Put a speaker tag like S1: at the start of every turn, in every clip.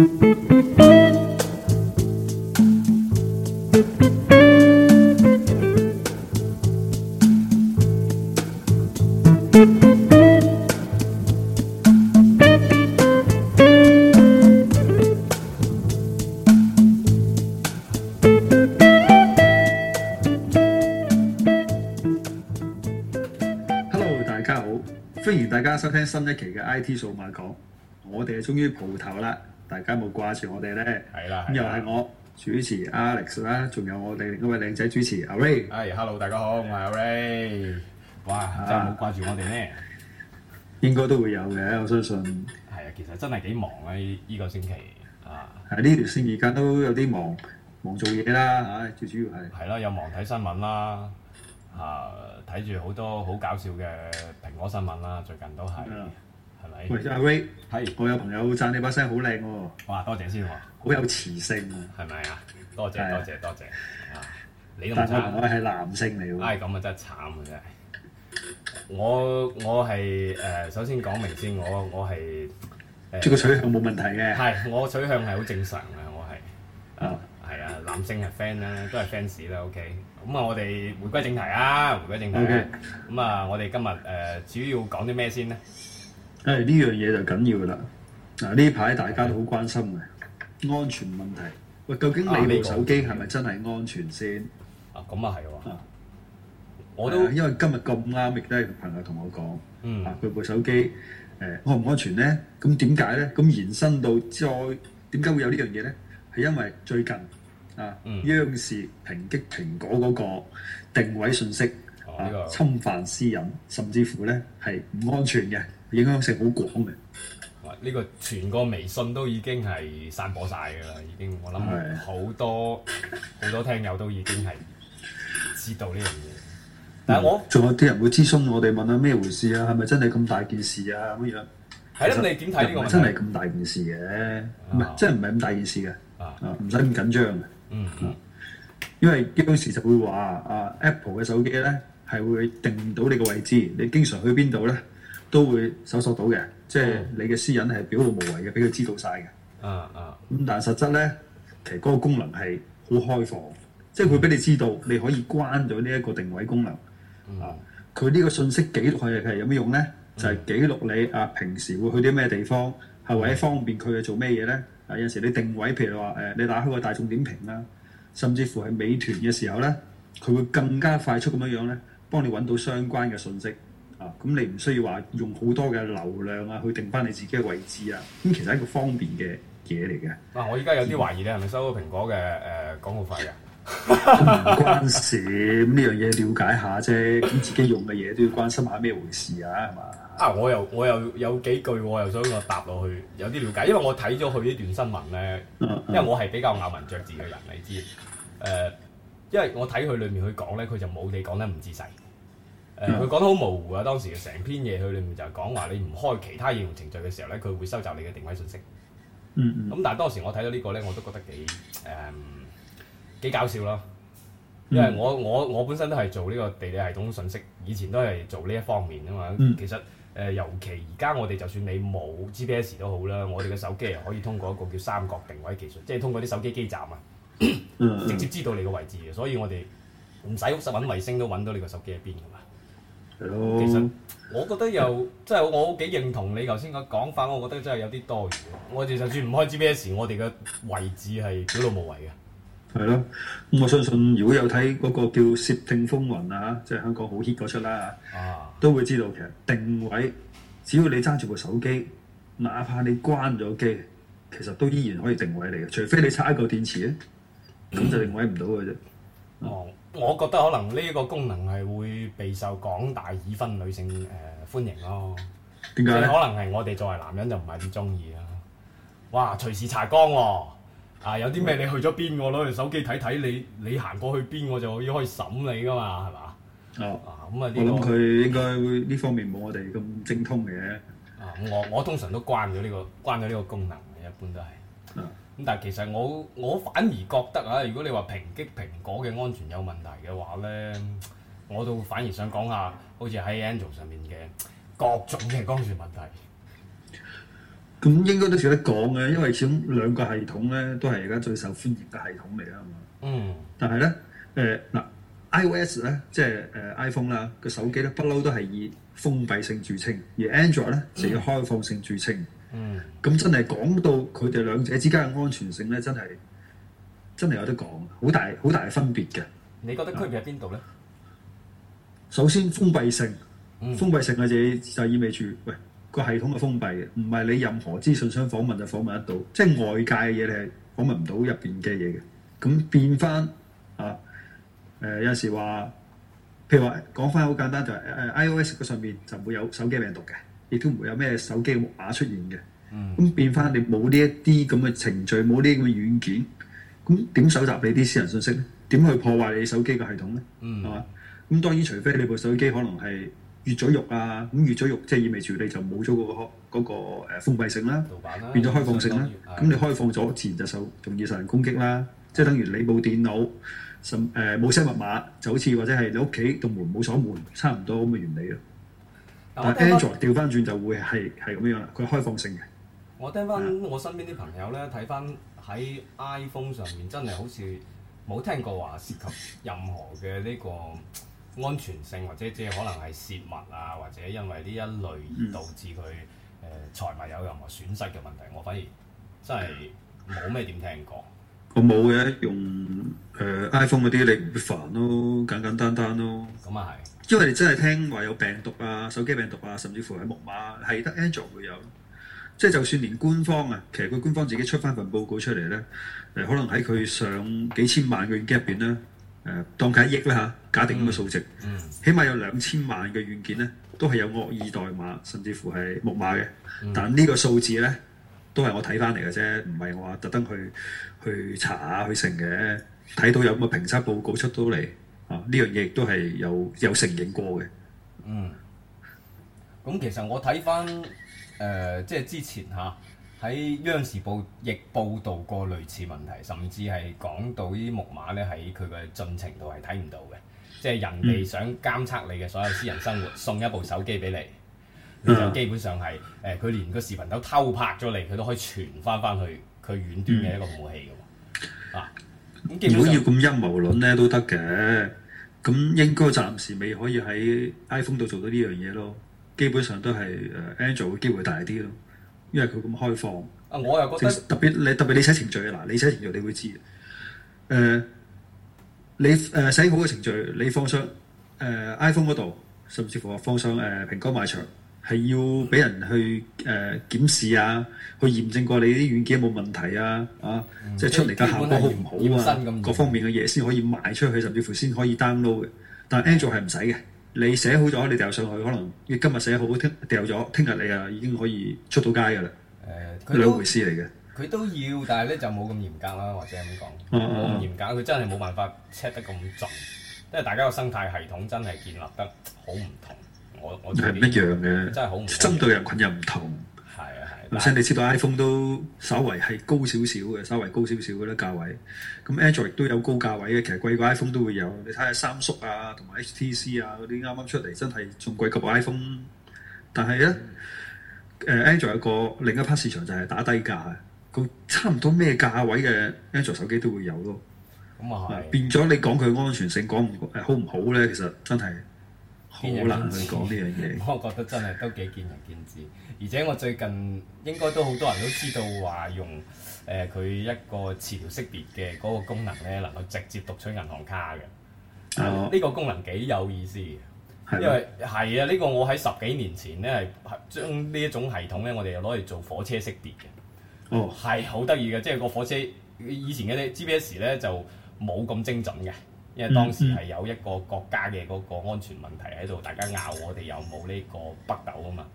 S1: Hello，大家好，歡迎大家收聽新一期嘅 IT 數碼講，我哋啊終於蒲頭啦。大家冇掛住我哋咧，
S2: 咁的又係
S1: 我的主持 Alex 啦，仲有我哋另一位靚仔主持、阿、Ray。
S2: 哎、hey,，hello，大家好，的我係 Ray。哇，真係冇掛住我哋咩？
S1: 應該都會有嘅，我相信。
S2: 係啊，其實真係幾忙啊！呢、呢個星期啊，喺呢條線而家都有啲忙，忙做嘢啦，嚇，最主要係。係啦，有忙睇新聞啦，嚇、啊，睇住好多好搞笑嘅蘋果新聞啦，最近都係。喂，咪 Ray, 的？喂，阿 Ray，係我有朋友讚你把聲好靚喎。哇，多謝先好有磁性，哦，係咪啊？多謝的多謝多謝啊！你咁差，哎，我係男性嚟喎。哎，咁啊真係慘啊真係。我我係誒，首先講明先，我我係，即、呃、個取向冇問題嘅。係，我取向係好正常嘅，我係、嗯、啊，係啊，男性係 fan 啦，都係 fans 啦。OK，咁啊，我哋回歸正題啊，回歸正題。咁啊，我哋今日誒主要講啲咩先呢？
S1: 誒，呢樣嘢就緊要噶啦！嗱、啊，呢排大家都好關心嘅的安全問題。喂，究竟你部手機係咪真係安全先？啊，咁啊係喎。啊、我都、啊、因為今日咁啱亦都係朋友同我講，嗯，佢、啊、部手機誒安唔安全咧？咁點解咧？咁延伸到再點解會有呢樣嘢咧？係因為最近啊，嗯、央視抨擊蘋果嗰個定位信息。啊、侵犯私隱，甚至乎咧係唔安全嘅，影響性好廣嘅。
S2: 呢、呢個全個微信都已經係散播晒噶啦，已經我諗好多好、啊、多、多聽友都已經係知道呢樣嘢。
S1: 但係我仲有啲人會諮詢我哋，問下、啊、咩回事啊？係咪真係咁大、啊、大件事啊？咁樣
S2: 係咯，你點睇呢個？啊、真係咁
S1: 大件事嘅、啊，真係唔係咁大件事嘅，唔使咁緊張嘅、啊。嗯、啊、因為好多時就會話啊，Apple 嘅手機咧。啊啊 yeah. 係會定到你個位置，你經常去邊度咧，都會搜索到嘅。即係你嘅私隱係表露無遺嘅，俾佢知道晒嘅、啊。啊啊！咁但係實質咧，其實嗰個功能係好開放，嗯、即係佢俾你知道，你可以關咗呢一個定位功能。嗯、啊，佢呢個信息記錄係係有咩用咧？就係、是、記錄你啊，平時會去啲咩地方，係為咗方便佢去做咩嘢咧？嗯、啊，有時你定位，譬如話誒，你打開個大眾點評啦，甚至乎係美團嘅時候咧，佢會更加快速咁樣樣咧。幫你揾到相關嘅信息啊！咁、嗯、你唔需要話用好多嘅流量啊，去定翻你自己嘅位置啊！咁、嗯、其實係一個方便嘅嘢嚟嘅。
S2: 嗱、啊，我而家有啲懷疑、嗯、你係咪收咗蘋果嘅誒廣告費啊？
S1: 唔關 事，咁呢樣嘢了解下啫。咁、啊、自己用嘅嘢都要關心下咩回事啊？
S2: 係嘛？啊！我又我又有幾句我又想我答落去，有啲了解，因為我睇咗佢呢段新聞咧，嗯嗯、因為我係比較咬文嚼字嘅人，你知誒。因為我睇佢裏面佢講呢，佢就冇你講得唔仔細。佢、呃、Yeah. 講得好模糊啊！當時成篇嘢佢裏面就係講話你唔開其他應用程序嘅時候呢，佢會收集你嘅定位信息。
S1: 咁、
S2: mm hmm. 但係當時我睇到呢個呢，我都覺得幾誒、um, 幾搞笑咯。因為我、mm hmm. 我我本身都係做呢個地理系統信息，以前都係做呢一方面啊嘛。Mm hmm. 其實誒、呃，尤其而家我哋就算你冇 GPS 都好啦，我哋嘅手機啊，可以通過一個叫三角定位技術，即係通過啲手機基站啊。嗯， 直接知道你個位置嘅，所以我哋唔使實揾衛星都揾到你個手機喺邊㗎嘛。係咯，其實我覺得又即係我幾認同你頭先個講法，我覺得真係有啲多餘。我哋就算唔開 GPS，我哋嘅位置係表露無遺
S1: 嘅。係咯，咁我相信如果有睇嗰個叫《竊聽風雲》啊，即係香港好 hit 嗰出啦，啊啊、都會知道其實定位，只要你揸住部手機，哪怕你關咗機，其實都依然可
S2: 以定位你嘅，除非你拆一嚿電池咧。咁就定位唔到嘅
S1: 啫。
S2: 哦，我覺得可能呢一個功能係會備受廣大已婚女性誒、呃、歡迎咯。點解？可能係我哋作為男人就唔係咁中意啊。哇！隨時查崗喎、哦，啊有啲咩，你去咗邊，我攞部手機睇睇，你你行過去邊，我就可以可以審你㗎嘛係嘛？哦。咁啊呢個我諗佢應該會呢方面冇我哋咁精通嘅。啊，嗯、我我通常都關咗呢、呢個關咗呢個功能，一般都係。咁但係其實我我反而覺得啊，如果你話抨擊蘋果嘅安全有問題嘅話咧，我都反而想講下，好似喺 Android 上面嘅各種嘅安全問題。
S1: 咁應該都值得講嘅，因為始終兩個系統咧都係而家最受歡迎嘅系統嚟啦嘛。
S2: 嗯。
S1: 但係咧，誒、呃、嗱，iOS 咧即係誒、呃、iPhone 啦，個手機咧不嬲都係以封閉性著稱，而 Android 咧就要開放性著稱。嗯。嗯，咁真係講到佢哋兩者之間嘅安全性咧，真係真係有得講，好大好大嘅分別嘅。你覺得區別喺邊度咧？首先封閉性，嗯、封閉性嘅嘢，就意味住，喂個系統係封閉嘅，唔係你任何資訊想訪問就訪問得到，即係外界嘅嘢你係訪問唔到入邊嘅嘢嘅。咁變翻啊，誒、呃、有時話，譬如話講翻好簡單，就係誒 iOS 嘅上面就唔會有手機病毒嘅。亦都唔會有咩手機密碼出現嘅，咁、嗯、變翻你冇呢一啲咁嘅程序，冇呢啲咁嘅軟件，咁點搜集你啲私人信息咧？點去破壞你手機嘅系統咧？係嘛、嗯？咁當然，除非你部手機可能係越咗獄啊，咁越咗獄，即係意味住你就冇咗嗰個嗰、那個那個、封閉性啦，啊、變咗開放性啦。咁、嗯、你開放咗自然就受容易受人攻擊啦。嗯、即係等於你部電腦甚誒冇 set 密碼，就好似或者係你屋企度門冇鎖門，差唔多咁嘅原理咯。但係 a 翻轉，就會係係咁樣佢開放性嘅。
S2: 我聽翻我身邊啲朋友咧，睇翻喺 iPhone 上面真係好似冇聽過話涉及任何嘅呢個安全性，或者即係可能係泄密啊，或者因為呢一類而導致佢誒財物有任何損失嘅問題，嗯、我反而真係冇咩點聽過。
S1: 我冇嘅、啊，用誒、呃、iPhone 嗰啲你唔會煩咯，簡簡單單，單咯。咁啊係，因為你真係聽話有病毒啊，手機病毒啊，甚至乎係木馬，係得 Android 會有。即係就算連官方啊，其實佢官方自己出翻份報告出嚟咧，誒、呃、可能喺佢上幾千萬嘅軟件入邊咧，誒、呃、當佢一億啦嚇，假定咁嘅數值，嗯，嗯起碼有兩千萬嘅軟件咧，都係有惡意代碼，甚至乎係木馬嘅。嗯、但呢個數字咧。都係我睇翻嚟嘅啫，唔係我話特登去去查下去成嘅。睇到有個評測報告出到嚟，啊呢樣嘢亦都係有有承認過嘅。嗯，
S2: 咁其實我睇翻誒，即係之前吓喺央視報亦報道過類似問題，甚至係講到呢啲木馬咧喺佢嘅進程度係睇唔到嘅，即係人哋想監測你嘅所有私人生活，嗯、送一部手機俾你。基本上係誒，佢、呃、連個視頻都偷拍咗嚟，佢都可以傳翻翻去佢遠端嘅一個武器嘅、嗯、啊，咁基本上唔好要
S1: 咁陰謀論咧，都得嘅。咁應該暫時未可以喺 iPhone 度做到呢樣嘢咯。基本上都係誒 Android 嘅機會大啲咯，因為佢咁開放。
S2: 啊，我又覺得特別
S1: 你特別你寫程序啊，嗱，你寫程序你會知。誒、呃，你誒寫好嘅程序，你放上誒、呃、iPhone 嗰度，甚至乎放上誒、呃、蘋果賣場。係要俾人去誒、呃、檢視啊，去驗證過你啲軟件有冇問題啊，啊，嗯、即係出嚟嘅效果好唔好啊，各方面嘅嘢先可以賣出去，甚至乎先可以 download 嘅。但係 Android 係唔使嘅，你寫好咗，你掉上去可能你今日寫好，掉咗，聽日你啊已經可以出到街㗎啦。誒、呃，兩回事嚟嘅。
S2: 佢都要，但係咧就冇咁嚴格啦，或者咁講。哦哦、嗯，冇咁嚴格佢、嗯、真係冇辦法 check 得咁盡，因為大家個生態系統真係建立得好唔同。係唔一樣嘅，
S1: 針對人群又唔同。係啊係，嗱，即係你知道 iPhone 都稍為係高少少嘅，稍為高少少嘅咧價位。咁 Android 亦都有高價位嘅，其實貴過 iPhone 都會有。你睇下三叔啊，同埋 HTC 啊嗰啲啱啱出嚟，真係仲貴過 iPhone。但係咧，誒 Android 有個另一 part 市場就係打低價嘅，佢差唔多咩價位嘅 Android 手機都會有咯。
S2: 咁啊係，
S1: 變咗你講佢安全性講唔好唔好咧，其實真係。好難去講呢樣嘢，
S2: 我覺得真係都幾見仁見智。而且我最近應該都好多人都知道話用誒佢、呃、一個磁彙磁條識別嘅嗰個功能咧，能夠直接讀取銀行卡嘅。呢、嗯哦嗯呢個功能幾有意思嗎，因為係啊，呢、呢個我喺十幾年前咧係將呢一種系統咧，我哋又攞嚟做火車識別嘅。哦，係好得意嘅，即係、就是、個火車以前嘅 GPS 咧就冇咁精準嘅。因為當時係有一個國家嘅嗰個安全問題喺度，大家拗我哋有冇呢個北斗啊嘛，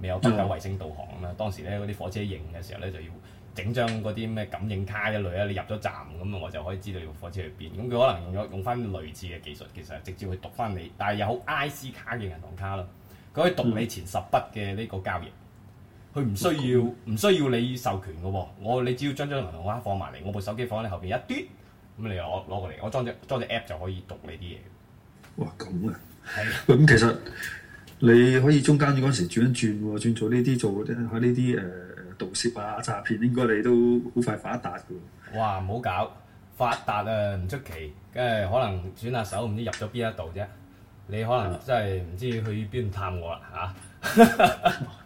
S2: 未有北斗衛星導航啦。當時咧啲火車型嘅時候咧，就要整張嗰啲咩感應卡一類啊，你入咗站咁啊，我就可以知道你個火車去邊。咁佢可能用咗用翻類似嘅技術，其實係直接去讀翻你，但係有 IC 卡嘅銀行卡咯，佢可以讀你前十筆嘅呢個交易，佢唔、嗯、需要唔需要你授權嘅喎，我你只要將張銀行卡放埋嚟，我部手機放喺你後邊一啲。咁你攞攞過嚟，我裝隻裝隻 app 就可以讀你啲嘢。
S1: 哇，咁啊！咁的其實你可以中間嗰時轉一轉喎，轉做呢啲做啲喺呢啲誒，盜、呃、攝啊，詐騙，應該你都好快發
S2: 達㗎。哇，唔好搞發達啊！唔出奇，梗係可能轉下手，唔知入咗邊一度啫。你可能真係唔知去邊探我啦，吓、啊。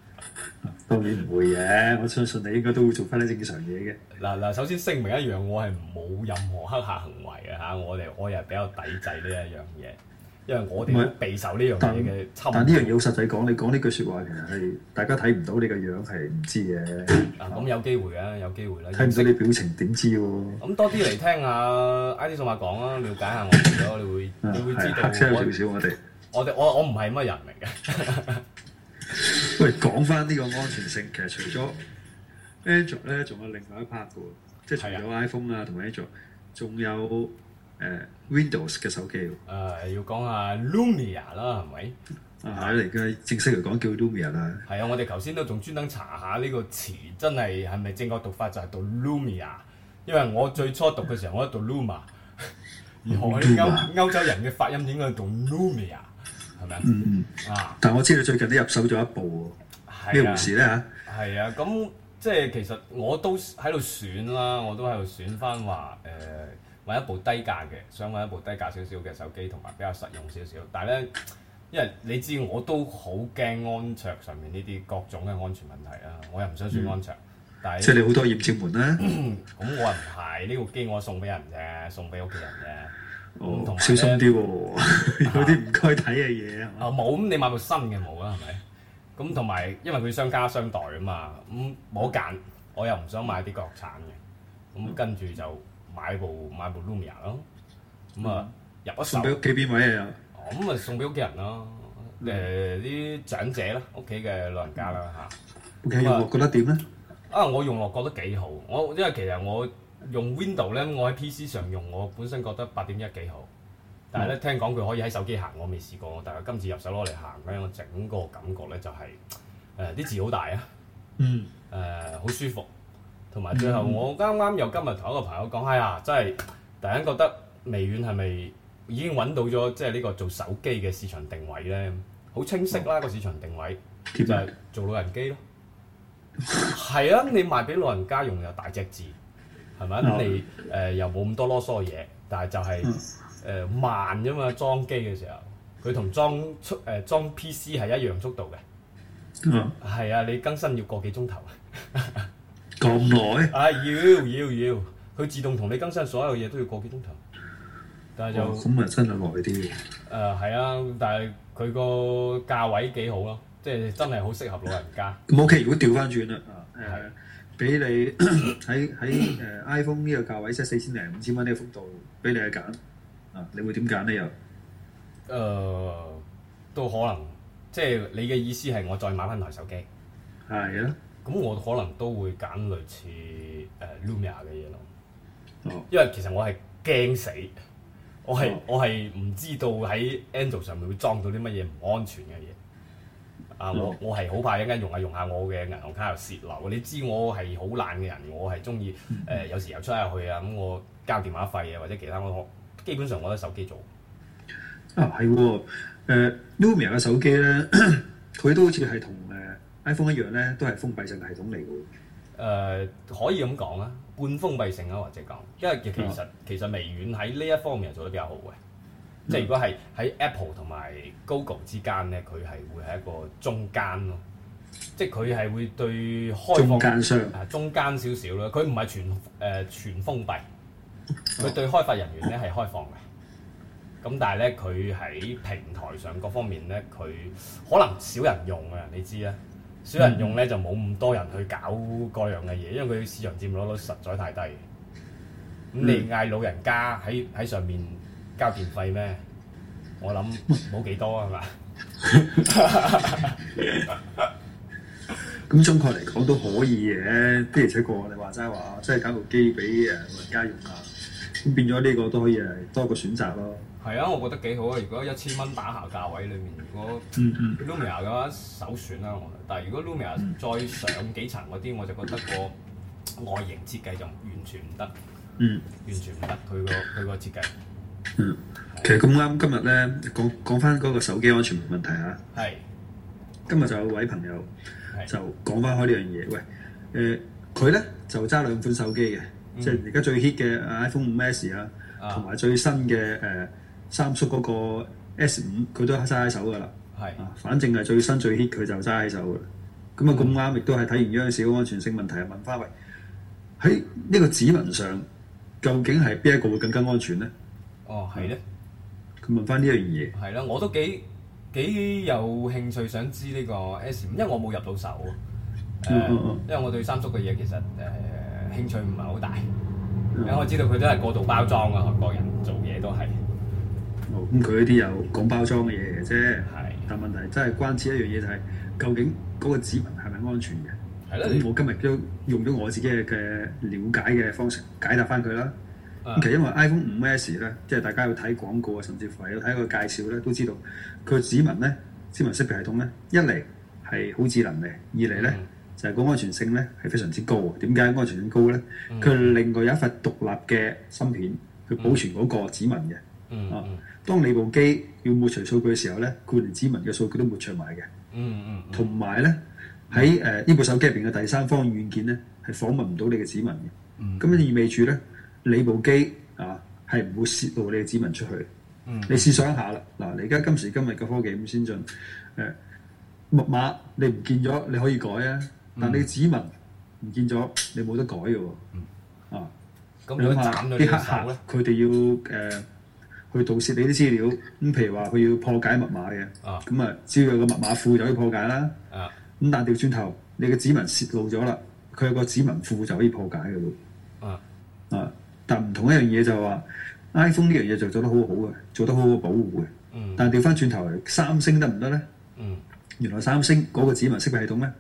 S1: 當然唔會嘅、啊，我相信你應該都會做翻啲正常嘢嘅。
S2: 嗱嗱，首先聲明一樣，我係冇任何黑客行為嘅吓，我哋我又比較抵制呢一樣嘢，因為我哋唔係備受呢樣嘢嘅侵。但呢樣嘢
S1: 好實際講，你講呢句說話，其實係大家睇唔到你個樣，係唔知嘅。
S2: 啊，咁有機會嘅，有機會啦。睇唔到
S1: 你表情點知？咁
S2: 多啲嚟聽下，I D 數碼講啦，了解下我哋咯，你會你會知道少、啊、少。我哋。我哋我我唔係乜人嚟嘅。
S1: 喂，講翻呢個安全性，其實除咗 Android 咧，仲有另外一 part 嘅，即係除咗 iPhone 啊同埋 Android，仲有誒、呃、Windows 嘅手
S2: 機。誒、呃，要講下 Lumia 啦，係咪？係嚟
S1: 嘅，正式嚟講叫 Lumia 啦。
S2: 係啊，我哋頭先都仲專登查下呢個詞，真係係咪正確讀法就係、是、讀 Lumia？因為我最初讀嘅時候， 我喺讀 Luma，而學啲歐歐洲人嘅發音應叫、um，應該讀 Lumia。係咪？嗯嗯啊！
S1: 但係我知道你最近都入手咗一
S2: 部喎，咩回事咧嚇？係啊，咁、啊、即係其實我都喺度選啦、啊，我都喺度選翻話誒揾一部低價嘅，想揾一部低價少少嘅手機，同埋比較實用少少。但係咧，因為你知我都好驚安卓上面呢啲各種嘅安全問題啊，我又唔想選安卓。嗯、但是即係你好多驗證門啦。咁、嗯、我唔係呢部機，我送俾人嘅，送俾屋企人嘅。唔同小心啲
S1: 喎，
S2: 有啲唔該睇嘅嘢啊！啊冇，咁你買部新嘅冇啊，係咪？咁同埋因為佢商家相代啊嘛，咁冇得揀，我又唔想買啲國產嘅，咁跟住就買部買部 Lumia 咯，咁啊入一手送俾屋企邊位啊？咁啊送俾屋企人咯，誒啲長者啦，屋企嘅老人家啦嚇。屋企用落覺得點咧？啊，我用落覺得幾好，我因為其實我。用 Window 咧，我喺 PC 上用，我本身覺得八點一幾好。但係咧，聽講佢可以喺手機行，我未試過，但係今次入手攞嚟行咧，我整個感覺咧就係，誒啲字好大啊，嗯誒，好舒服。同埋最後我啱啱又今日同一個朋友講，嗯、哎呀，真係突然間覺得微軟係咪已經揾到咗即係呢個做手機嘅市場定位咧？好清晰啦，個、嗯、市場定位就係、是、做老人機咯。係 啊，你賣俾老人家用又大隻字。係咪？咁你誒又冇咁多囉嗦嘢，但係就係誒慢啫嘛，裝機嘅時候，佢同裝出誒裝 PC 係一樣速度嘅。嗯，係啊，你更新要個幾鐘頭
S1: 咁耐？
S2: 啊，要要要，佢自動同你更新所有嘢都要個幾鐘頭。但係就咁咪
S1: 真係耐啲。
S2: 誒係啊，但係佢個價位幾好咯，即係真係好適合老人家。咁 OK，如果調翻轉啦。嗯，係啊。俾你喺
S1: 喺誒 iPhone 呢個價位，即係四千零五千蚊呢個幅度，俾你去揀啊！你會點揀呢？
S2: 又、呃、誒、 嗯嗯，都可能，即係你嘅意思係我再買翻台手機，係啊。咁我可能都會揀類似誒 Lumia 嘅嘢咯，呃哦、因為其實我係驚死，我係、哦、我係唔知道喺 Android 上面會裝到啲乜嘢唔安全嘅嘢。啊！我我係好怕一間用下用下我嘅銀行卡又泄露。你知我係好懶嘅人，我係中意誒有時候出下去啊，咁、嗯、我交電話費啊，或者其他我都基本上我都手機做。
S1: 啊、哦呃、Lumia 嘅手機咧，佢都好似係同
S2: 誒 iPhone 一樣咧，都係封閉性系統嚟嘅。誒、呃，可以咁講啊，半封閉性啊，或者講，因為其實、啊、其實微軟喺呢一方面係做得比較好嘅。即係如果係喺 Apple 同埋 Google 之間咧，佢係會係一個中間咯。即係佢係會對開放，誒中間少少咯。佢唔係全誒、呃、全封閉，佢對開發人員咧係開放嘅。咁但係咧，佢喺平台上各方面咧，佢可能少人用啊。你知啦，少人用咧、嗯、就冇咁多人去搞各樣嘅嘢，因為佢市場佔有率實在太低。咁你嗌老人家喺喺上面。交電費咩？我諗冇幾多係嘛。
S1: 咁總括嚟講都可以嘅，譬如似個你話齋話，即係搞部機俾誒老人家用下，
S2: 咁變咗呢
S1: 個都可以係多個選擇咯。
S2: 係啊，我覺得幾好啊！如果一千蚊打下價位裡面，如果 Lumia 嘅話，首選啦。但係如果 Lumia 再上幾層嗰啲，我就覺得個外形設計就完全唔得。嗯，完全唔得，佢個佢個設計。嗯，其實
S1: 咁啱今日咧，講講翻嗰個手機安全問題嚇。係是，今日就有位朋友就講翻開呢樣嘢。喂，誒佢咧就揸兩款手機嘅，嗯、即係而家最 hit 嘅 iPhone 五 S 啊，同埋、啊、最新嘅誒、呃、三叔嗰個 S 五，佢都揸喺手㗎啦。係，啊，反正係最新最 hit 佢就揸喺手㗎。咁啊咁啱，亦都係睇完央視嘅安全性問題，問翻佢喺呢個指紋上，究竟係邊一個會更加安全咧？哦，係咧。佢問翻呢樣嘢。
S2: 係啦，我都幾幾有興趣想知呢個 S，因為我冇入到手。嗯嗯，嗯，因為我對三叔嘅嘢其實誒、呃、興趣唔係好大。嗯、因為我知道佢都係過度包裝嘅，韓國人做嘢都係。
S1: 咁佢呢啲又講包裝嘅嘢嘅啫。係的。但問題真係關切一樣嘢就係、是，究竟嗰個指紋係咪安全嘅？係咯的。咁我今日都用咗我自己嘅了解嘅方式解答翻佢啦。其實因為 iPhone 五 S 咧，即係大家要睇廣告啊，甚至乎係去睇個介紹咧，都知道佢指紋咧，指紋識別系統咧，一嚟係好智能嘅，二嚟咧就係個安全性咧係非常之高啊！點解安全性高咧？佢另外有一塊獨立嘅芯片，佢保存嗰個指紋嘅。嗯嗯。當你部機要抹除數據嘅時候咧，佢連指紋嘅數據都抹除埋嘅。
S2: 嗯。
S1: 同埋咧，喺誒呢部手機入邊嘅第三方軟件咧，係訪問唔到你嘅指紋嘅。嗯。咁意味住咧？你部機啊，係唔會泄露你嘅指紋出去。嗯、你試想一下啦，嗱，你而家今時今日嘅科技咁先進，誒、啊、密碼你唔見咗你可以改啊，但你嘅指紋唔見咗你冇得改嘅喎。啊，咁啊、嗯，你諗下啲黑客咧，佢哋要誒、呃、去盜竊你啲資料，咁譬如話佢要破解密碼嘅，咁啊只要有個密碼庫就可以破解啦。咁、啊、但掉轉頭，你嘅指紋泄露咗啦，佢有個指紋庫就可以破解嘅喎。啊啊！啊但唔同一樣嘢就係話 iPhone 呢樣嘢就做得好好嘅，做得好好保護嘅。嗯。但係調翻轉頭，三星得唔得咧？嗯。原來三星嗰個指紋識別系統咧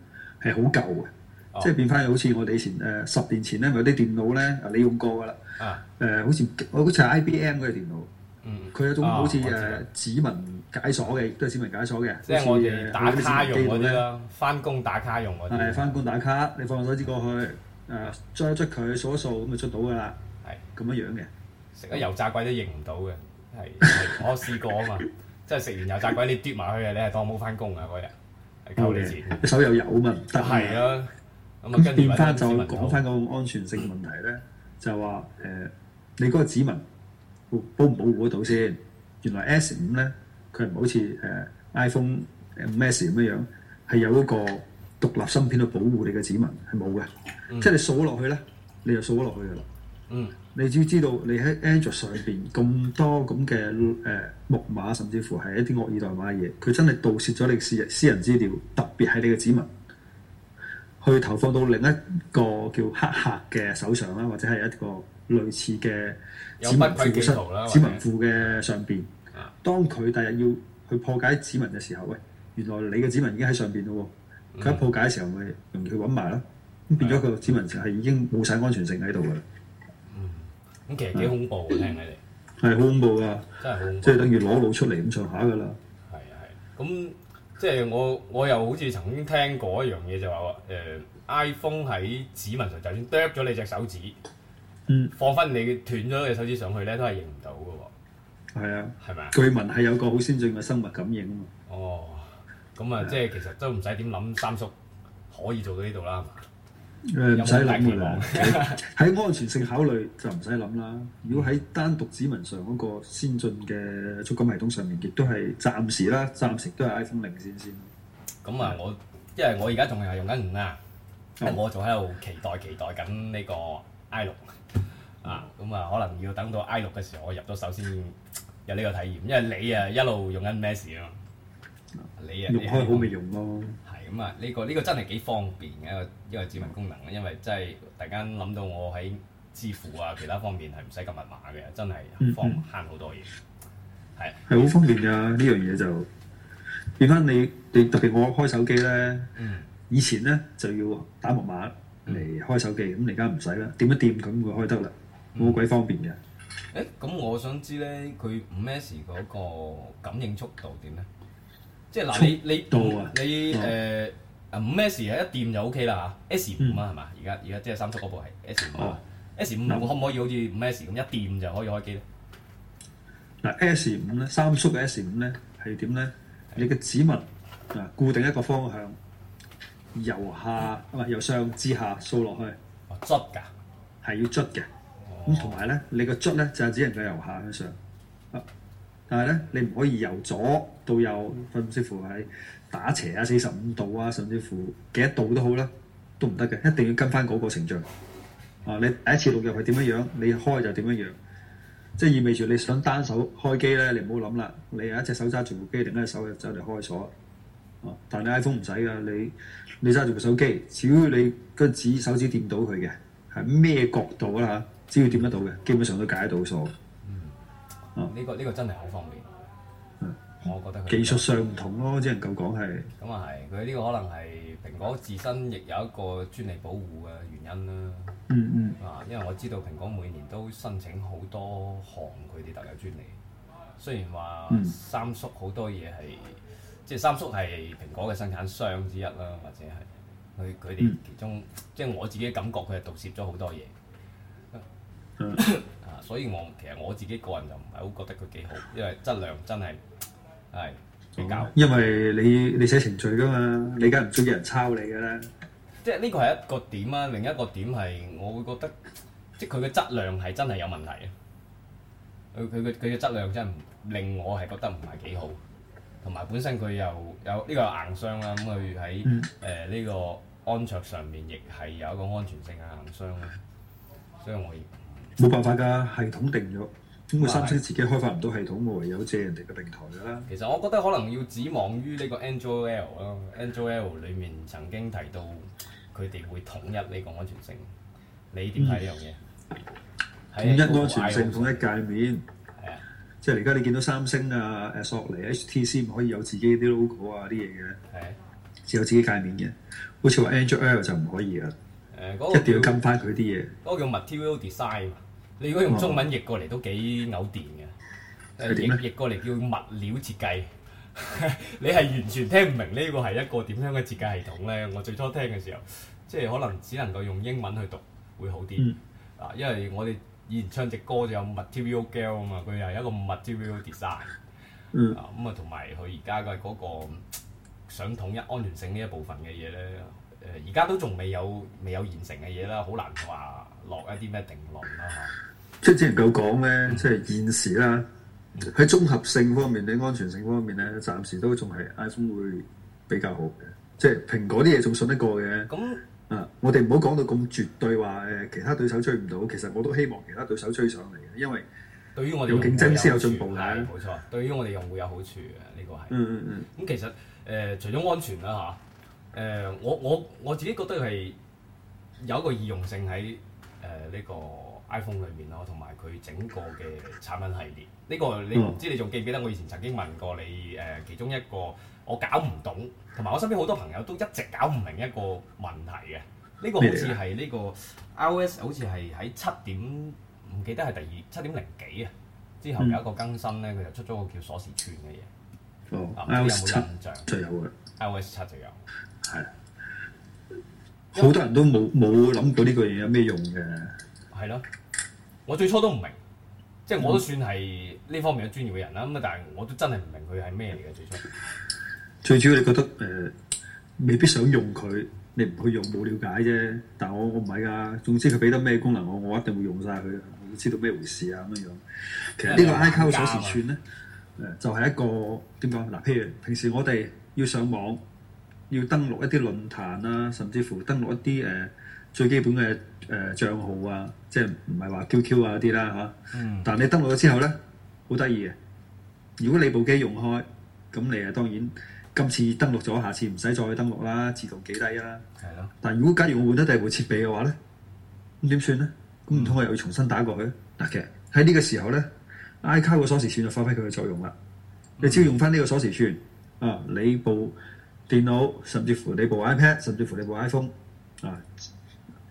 S1: 係好舊嘅，即係變翻好似我哋以前誒十年前咧，有啲電腦咧你用過㗎啦。啊。誒，好似我嗰台 IBM 嗰個電腦，嗯，佢有種好似誒指紋解鎖嘅，亦都係指紋解鎖嘅。即係我哋打卡用嗰啲啦，
S2: 翻工打卡用嗰啲。係翻
S1: 工打卡，你放手指過去，誒，抓一抓佢，數一數，
S2: 咁就出到㗎啦。咁樣樣嘅，食啲油炸鬼都認唔到嘅，係我試過啊嘛， 即係食完油炸鬼你跌埋去啊，你係當冇翻工啊嗰日，係夠
S1: 嘅，手又、okay, 有，有嘛唔得啊，
S2: 咁變翻就講翻
S1: 嗰個安全性嘅問題咧，就話誒、呃，你嗰個指紋保唔保，保護得到先？原來 S 五咧，佢唔好似誒 iPhone 5S 咁樣樣，係有一個獨立芯片去保護你嘅指紋係冇嘅，嗯、即係你掃咗落去咧，你就掃咗落去嘅啦。嗯，你只要知道你喺 Android 上邊咁多咁嘅誒木馬，甚至乎係一啲惡意代碼嘅嘢，佢真係盜竊咗你私人資料，特別係你嘅指紋，去投放到另一個叫黑客嘅手上啦，或者係一個類似嘅指紋庫嘅上邊。啊、呃，當佢第日要去破解指紋嘅時候，喂，原來你嘅指紋已經喺上邊啦喎！佢一破解嘅時候，咪容易佢搵埋咯。咁、嗯、變咗個指紋就係已經冇晒安全性喺度噶
S2: 啦。嗯嗯咁其實幾恐怖嘅，聽起嚟
S1: 係好恐怖噶，真係好，即係等於攞腦出嚟咁上下噶啦。係
S2: 啊係，咁即係我我又好似曾經聽過一樣嘢，就話話誒 iPhone 喺指紋上，就算剁咗你隻手指，嗯，放翻你斷咗隻手指上去咧，都係認唔到嘅喎。係啊，係咪啊？據聞係
S1: 有個好先進嘅生物感應啊嘛。
S2: 哦，咁啊，即係其實都唔使點諗，三叔可以做到呢度啦。唔使
S1: 諗噶啦，喺安全性考慮就唔使諗啦。如果喺單獨指紋上嗰個先進嘅觸感系統上面，亦都係暫時啦，暫時都係 iPhone 零先先。
S2: 咁啊、嗯，我、嗯，因為我而家仲係用緊五啊，我仲喺度期待期待緊呢個 I 六啊，咁、嗯、啊，嗯、可能要等到 I 六嘅時候，我入到手先有呢個體驗。因為你啊，一路用緊咩事啊，嗯？你啊，用開好咪用咯。咁啊，呢、這個呢、這個真係幾方便嘅一、這個一個指紋功能，因為真係大家諗到我喺支付啊、其他方面係唔使撳密碼嘅，真係放慳好多嘢。係
S1: 係好方便㗎，呢樣嘢就變翻你你特別我開手機咧，嗯，以前咧就要打密碼嚟開手機，咁你而家唔使啦，點一掂咁佢開得啦，好鬼、嗯、方便嘅。
S2: 誒，咁我想知咧，佢五 S 嗰個感應速度點咧？即係嗱，你你你誒五 S 係一掂就 O K 啦嚇，S 五啊係嘛？而家而家即係三速嗰部係 S 五啊，S 五我可唔可以好似五 S 咁一掂就可以開機？嗱，S 五
S1: 咧，三速嘅 S 五咧係點咧？你嘅指紋啊，固定一個方向，由下唔係由上至下掃落去，捽㗎，係要捽嘅。咁同埋咧，你個捽咧就係只能夠由下向上。但係咧，你唔可以由左到右，甚至乎喺打斜啊，四十五度啊，甚至乎幾多度都好啦，都唔得嘅，一定要跟翻嗰個程序。啊，你第一次錄入係點樣樣，你開就點樣樣，即係意味住你想單手開機咧，你唔好諗啦，你一隻手揸住部機，另一隻手就走嚟開鎖。哦、啊，但係你 iPhone 唔使㗎，你你揸住部手機，只要你個指手指掂到佢嘅，係咩角度啦、啊，只要掂得到嘅，基本上都解得到鎖。
S2: 呢、嗯這個呢、這個真係好方便，嗯、我覺得技術
S1: 術上唔同咯，即係咁講係。
S2: 咁啊係，佢呢、嗯、個可能係蘋果自身亦有一個專利保護嘅原因啦。啊、嗯，嗯、因為我知道蘋果每年都申請好多項佢哋特有專利，雖然話三叔好多嘢係，嗯、即係三叔係蘋果嘅生產商之一啦，或者係佢佢哋其中，嗯、即係我自己感覺佢係盜竊咗好多嘢。嗯所以我其實我自己個人就唔係好覺得佢幾好，因為質量真係係比較。因為你
S1: 你寫程序噶嘛，你梗係唔中意人
S2: 抄你噶啦。即係呢個係一個點啊，另一個點係我會覺得，即係佢嘅質量係真係有問題啊。佢佢嘅佢嘅質量真係令我係覺得唔係幾好，同埋本身佢又有呢個硬傷啦。咁佢喺誒呢個安卓上面亦係有一個安全性嘅硬傷啦，所以我。
S1: 冇辦法㗎，系統定咗，點會三星自己開發唔到系統，唯有借人哋嘅平台
S2: 㗎啦。其實我覺得可能要指望於呢個 Android L 啦、啊。Android L 裡面曾經提到佢哋會統一呢個安全性，你點睇呢樣嘢？統一安全性，
S1: 統一界面。係啊、嗯，即係而家你見到三星啊、誒、啊、索尼、HTC 唔可以有自己啲 logo 啊啲嘢嘅，係只、嗯、有自己界面嘅，好似話 Android L 就唔可以啊。誒、嗯，嗰個、一定要跟翻佢啲嘢。嗰
S2: 個、嗰個叫 Material Design。你如果用中文譯過嚟都幾嘔電嘅，誒譯譯過嚟叫物料設計， 你係完全聽唔明呢個係一個點樣嘅設計系統咧。我最初聽嘅時候，即係可能只能夠用英文去讀會好啲。嗱、嗯啊，因為我哋以前唱隻歌就有 Material Girl 啊嘛，佢又係一個 Material Design、嗯。咁啊，同埋佢而家嘅嗰個想統一安全性呢一部分嘅嘢咧，誒而家都仲未有未有完成嘅嘢啦，好難話。落一啲咩定
S1: 論啦嚇，嗯、即係只能夠講咧，即係現時啦，喺、嗯、綜合性方面、啲安全性方面咧，暫時都仲係 iPhone 會比較好嘅，即係蘋果啲嘢仲信得過嘅。咁、嗯、啊，我哋唔好講到咁絕對話誒，其他對手追唔到，其實我都希望其他對手追上嚟
S2: 嘅，因為對於我哋有競爭先有進步，冇錯，對於我哋用戶有好處嘅呢個係。嗯嗯嗯。咁、嗯嗯、其實誒、呃，除咗安全啦嚇，誒、呃、我我我自己覺得係有一個易用性喺。誒呢個 iPhone 裏面咯，同埋佢整個嘅產品系列，呢個你唔知你仲記唔記得？我以前曾經問過你誒，其中一個我搞唔懂，同埋我身邊好多朋友都一直搞唔明一個問題嘅。呢個好似係呢個 iOS 好似係喺七點，唔記得係第二七點零幾啊，之後有一個更新咧，佢、嗯、就出咗個叫鎖匙串嘅嘢。哦、
S1: oh，啊，唔知有冇印象？有嘅
S2: ，iOS 七就有。係。
S1: 好多人都冇冇諗過呢個嘢有咩用嘅，
S2: 係咯，我最初都唔明，即係我都算係呢方面有專業嘅人啦，咁啊，但係我都真係唔明佢係咩嚟嘅最初。
S1: 最主要你覺得誒、呃，未必想用佢，你唔去用冇了解啫。但係我我唔係噶，總之佢俾得咩功能我，我我一定會用晒佢，我知道咩回事啊咁樣樣。其實個呢個 iCloud 鎖匙串咧，誒、呃，就係、是、一個點講嗱，譬如平時我哋要上網。要登錄一啲論壇啦、啊，甚至乎登錄一啲誒、呃、最基本嘅誒、呃、帳號啊，即係唔係話 QQ 啊嗰啲啦嚇。嗯、但係你登錄咗之後咧，好得意嘅。如果你部機用開，咁你啊當然今次登錄咗，下次唔使再登錄啦，自動記低啦、啊。係咯的。但如果假如我換咗第二部設備嘅話咧，咁點算咧？咁唔通我又要重新打過去？嗱、嗯，其實喺呢個時候咧，IC 卡嘅鎖匙串就發揮佢嘅作用啦。嗯、你只要用翻呢個鎖匙串啊，你部電腦甚至乎你部 iPad 甚至乎你部 iPhone 啊，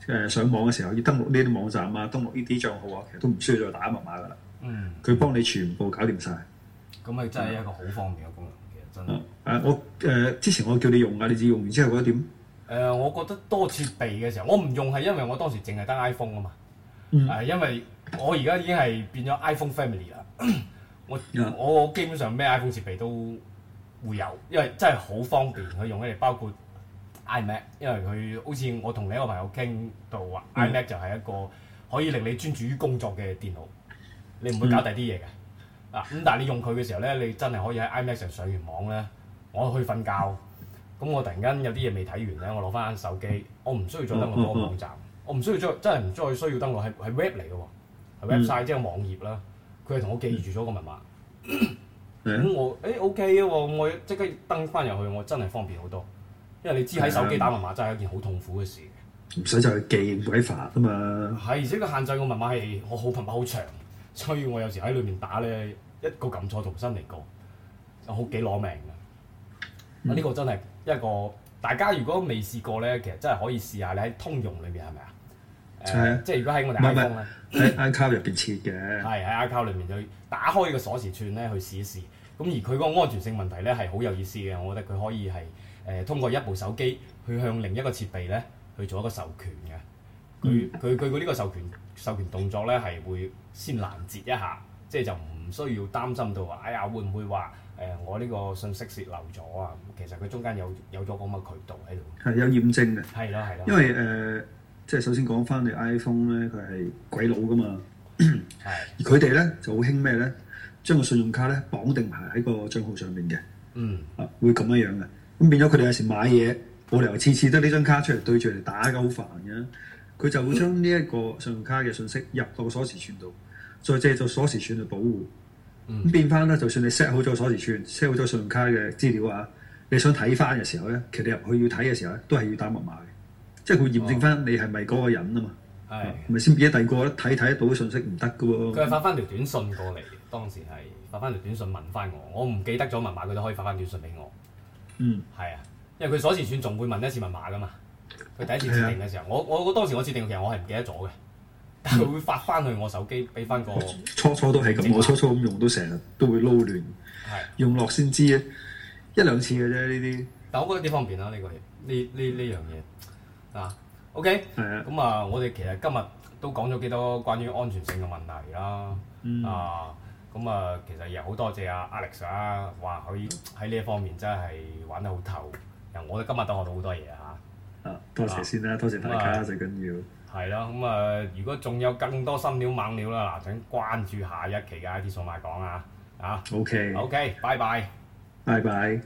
S1: 誒、呃、上網嘅時候要登錄呢啲網站啊，登錄呢啲帳號啊，其實都唔需要再打密碼㗎喇。嗯，佢幫你全部搞掂晒，
S2: 咁、嗯、啊，真係一個好方便嘅功能，其實
S1: 真係。誒我誒之前我叫你用啊，你自己用完之後覺得點？
S2: 誒、呃，我覺得多設備嘅時候，我唔用係因為我當時淨係得 iPhone 啊嘛。
S1: 嗯、啊。
S2: 因為我而家已經係變咗 iPhone Family 啦。 我、嗯、我基本上咩 iPhone 設備都。會有，因為真係好方便佢用起嚟包括 iMac，因為佢好似我同另一個朋友傾到話，iMac 就係一個可以令你專注於工作嘅電腦，你唔會搞第啲嘢嘅。嗯、啊，咁但係你用佢嘅時候咧，你真係可以喺 iMac 上上完網咧，我去瞓覺，咁我突然間有啲嘢未睇完咧，我攞翻手機，我唔需要再登錄個網站，嗯嗯嗯、我唔需要再真係唔再需要登錄係係 web 嚟嘅喎，web 曬即係網頁啦，佢係同我記住咗個密碼。嗯嗯咁我誒 OK 啊，我即、欸 okay，刻登翻入去，我真係方便好多。因為你知喺手機打密碼真係一件好痛苦嘅事
S1: 的，唔使再去記鬼煩啊嘛。
S2: 係，而且佢限制個密碼係好頻密好長，所以我有時喺裏面打咧一個撳錯重新嚟過，好幾攞命㗎。呢、嗯啊呢個真係一個大家如果未試過咧，其實真係可以試下。你喺通用裏面係咪啊？係即係如果喺我哋 iPhone 咧，喺 account
S1: 入邊設嘅。
S2: 係喺 account 裏面去打開個鎖匙串咧，去試一試。咁而佢嗰個安全性問題咧係好有意思嘅，我覺得佢可以係誒、呃、通過一部手機去向另一個設備咧去做一個授權嘅。佢佢佢個呢個授權授權動作咧係會先攔截一下，即係就唔需要擔心到話，哎呀會唔會話誒我呢個信息泄漏咗啊？其實佢中間有有咗咁嘅渠道喺度，
S1: 係有驗證嘅。係咯係咯，因為誒、呃、即係首先講翻你 iPhone 咧，佢係鬼佬噶嘛，係佢哋咧就好興咩咧？將個信用卡咧綁定埋喺個帳號上面嘅，嗯，啊，會咁樣樣嘅，咁變咗佢哋有時買嘢，冇理由次次得呢張卡出嚟對住嚟打嘅，好煩嘅。佢就會將呢一個信用卡嘅信息入到個鎖匙串度，再借咗鎖匙串去保護。咁、嗯、變翻咧，就算你 set 好咗鎖匙串，set 好咗信用卡嘅資料啊，你想睇翻嘅時候咧，其實入去要睇嘅時候咧，都係要打密碼嘅，即係佢驗證翻你係咪嗰個人啊嘛，係、哦，咪先俾第二個睇睇得到啲信息唔得嘅喎，佢係發
S2: 翻條短信過嚟。當時係發翻條短信問翻我，我唔記得咗密碼，佢都可以發翻短信俾我。嗯，係啊，因為佢鎖匙串仲會問一次密碼噶嘛。佢第一次設定嘅時候，嗯、我我當時我設定其實我係唔記得咗嘅，但佢會發翻去我手機，俾翻個
S1: 初初都係咁，過我初初咁用都成日都會撈亂，
S2: 係的用落先知啊，一兩次嘅啫呢啲。但我覺得幾方便啊呢個呢呢呢樣嘢啊。OK，咁啊，我哋其實今日都講咗幾多關於安全性嘅問題啦啊。嗯咁啊，其實又好多謝阿、啊、Alex 啊，可以喺呢一方面真係玩得好透。嗱，我哋今日都學到好多嘢吓、啊啊。多謝
S1: 先啦，啊、多謝大家、啊、最緊
S2: 要。係啦、啊，咁啊，如果仲有更多新料猛料啦，嗱，請關注下一期嘅 I T 數碼講啊。啊。O K。O K，拜拜。
S1: 拜拜。